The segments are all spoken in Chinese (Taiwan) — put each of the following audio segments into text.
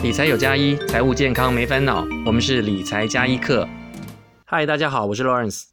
理財有加一，財務健康沒煩惱。我們是理財加一課。嗨，大家好，我是 Lawrence。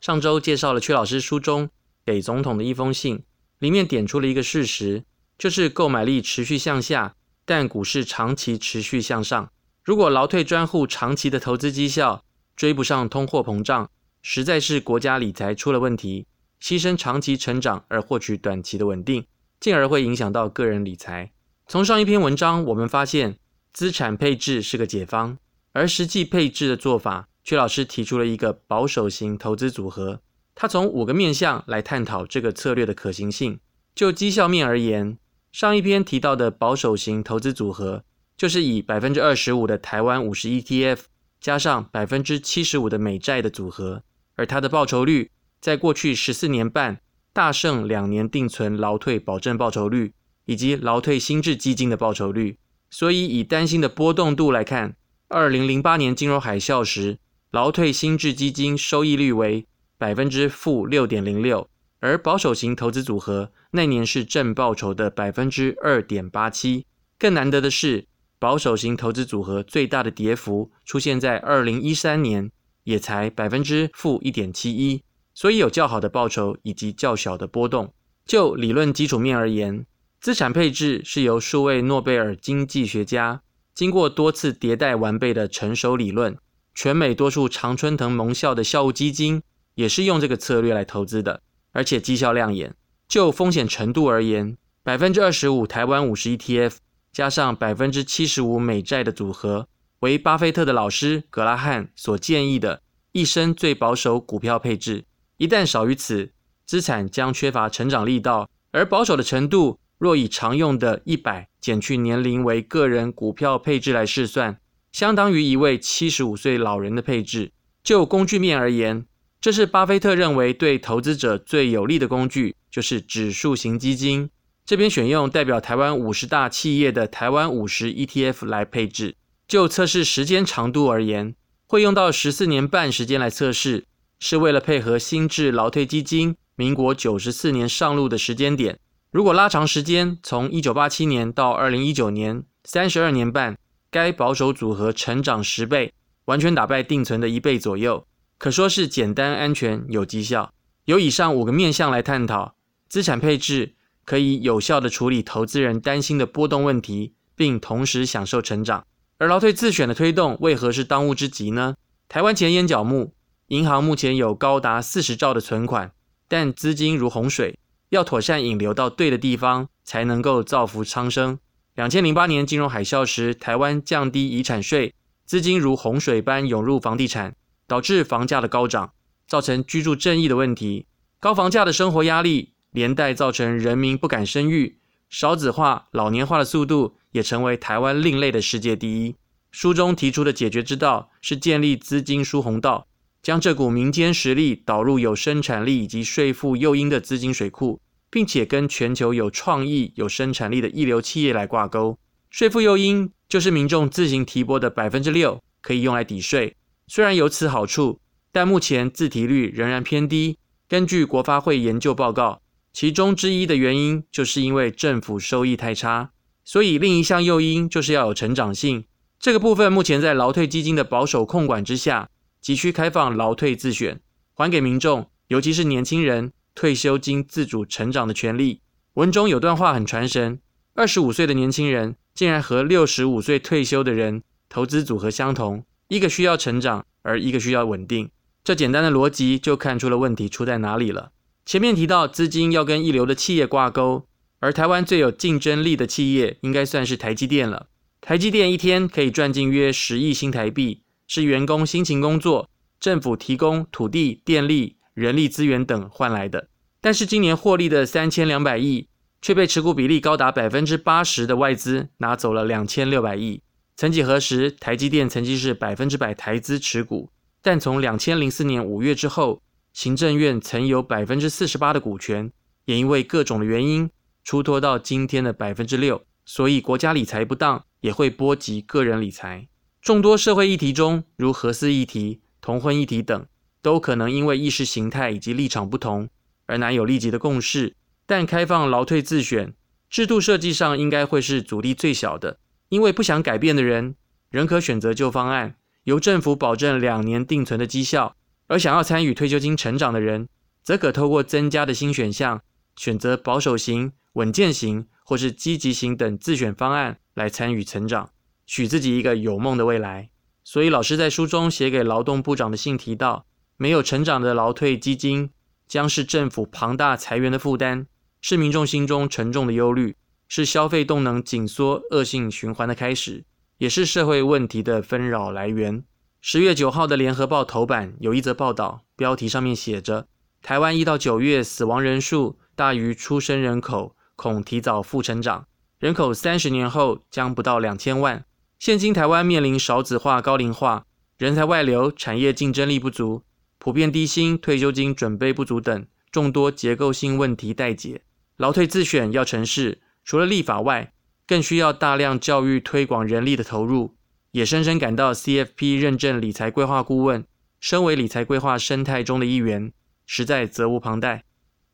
上周介紹了闕老師書中給總統的一封信，裡面點出了一個事實，就是購買力持續向下，但股市長期持續向上。如果勞退專戶長期的投資績效追不上通貨膨脹，實在是國家理財出了問題，犧牲長期成長而獲取短期的穩定，進而會影響到個人理財。從上一篇文章我們發現。資產配置是個解方，而實際配置的做法，闕老師提出了一個保守型投資組合。他從五個面向來探討這個策略的可行性。就績效面而言，上一篇提到的保守型投資組合，就是以百分之二十五的台灣五十 ETF 加上百分之七十五的美債的組合，而它的報酬率在過去十四年半大勝兩年定存、勞退保證報酬率以及勞退新制基金的報酬率。所以，以擔心的波動度來看，二零零八年金融海嘯時，勞退新制基金收益率為百分之負六點零六，而保守型投資組合那年是正報酬的百分之二點八七。更難得的是，保守型投資組合最大的跌幅出現在二零一三年，也才百分之負一點七一。所以有較好的報酬以及較小的波動。就理論基礎面而言。資產配置是由數位諾貝爾經濟學家經過多次迭代完備的成熟理論。全美多數常春藤盟校的校務基金也是用這個策略來投資的，而且績效亮眼。就風險程度而言25，百分之二十五台灣五十 ETF 加上百分之七十五美債的組合，為巴菲特的老師格拉漢所建議的一生最保守股票配置。一旦少於此，資產將缺乏成長力道，而保守的程度。若以常用的一百減去年齡為個人股票配置來試算，相當於一位七十五歲老人的配置。就工具面而言，這是巴菲特認為對投資者最有利的工具，就是指數型基金。這邊選用代表台灣五十大企業的台灣五十 ETF 來配置。就測試時間長度而言，會用到十四年半時間來測試，是為了配合新制勞退基金民國九十四年上路的時間點。如果拉長時間，從一九八七年到二零一九年，三十二年半，該保守組合成長十倍，完全打敗定存的一倍左右，可說是簡單、安全、有績效。由以上五個面向來探討，資產配置可以有效地處理投資人擔心的波動問題，並同時享受成長。而勞退自選的推動為何是當務之急呢？台灣錢淹腳目，銀行目前有高達四十兆的存款，但資金如洪水。要妥善引流到對的地方，才能夠造福蒼生。兩千零八年金融海嘯時，台灣降低遺產稅，資金如洪水般湧入房地產，導致房價的高漲，造成居住正義的問題。高房價的生活壓力，連帶造成人民不敢生育，少子化、老年化的速度也成為台灣另類的世界第一。書中提出的解決之道是建立資金疏洪道。將這股民間實力導入有生產力以及稅負誘因的資金水庫，並且跟全球有創意、有生產力的一流企業來掛鈎。稅負誘因就是民眾自行提撥的百分之六，可以用來抵稅。雖然有此好處，但目前自提率仍然偏低。根據國發會研究報告，其中之一的原因就是因為政府收益太差。所以另一項誘因就是要有成長性。這個部分目前在勞退基金的保守控管之下，急需開放勞退自選，還給民眾，尤其是年輕人退休金自主成長的權利。文中有段話很傳神：二十五歲的年輕人竟然和六十五歲退休的人投資組合相同，一個需要成長，而一個需要穩定。這簡單的邏輯就看出了問題出在哪裡了。前面提到資金要跟一流的企業掛鈎，而台灣最有競爭力的企業應該算是台積電了。台積電一天可以賺進約十億新台幣。是員工辛勤工作，政府提供土地、電力、人力資源等換來的。但是今年獲利的三千兩百億卻被持股比例高達百分之八十的外資拿走了兩千六百億。曾幾何時，台積電曾經是百分之百台資持股，但從兩千零四年五月之後，行政院曾有百分之四十八的股權，也因為各種的原因出脫到今天的百分之六。所以國家理財不當也會波及個人理財。眾多社會議題中，如核四議題、同婚議題等，都可能因為意識形態以及立場不同而難有立即的共識。但開放勞退自選制度設計上應該會是阻力最小的，因為不想改變的人仍可選擇舊方案，由政府保證兩年定存的績效；而想要參與退休金成長的人，則可透過增加的新選項，選擇保守型、穩健型或是積極型等自選方案來參與成長。許自己一個有夢的未來。所以，老師在書中寫給勞動部長的信提到，沒有成長的勞退基金將是政府龐大裁員的負擔，是民眾心中沉重的憂慮，是消費動能緊縮惡性循環的開始，也是社會問題的紛擾來源。十月九號的《聯合報》頭版有一則報道，標題上面寫着：“台灣一到九月死亡人數大於出生人口，恐提早負成長，人口三十年後將不到兩千萬。”現今台灣面臨少子化、高齡化、人才外流、產業競爭力不足、普遍低薪、退休金準備不足等眾多結構性問題待解。勞退自選要成事，除了立法外，更需要大量教育推廣人力的投入。也深深感到 CFP 認證理財規劃顧問，身為理財規劃生態中的一員，實在責無旁貸。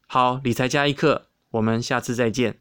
好，理財加一課，我們下次再見。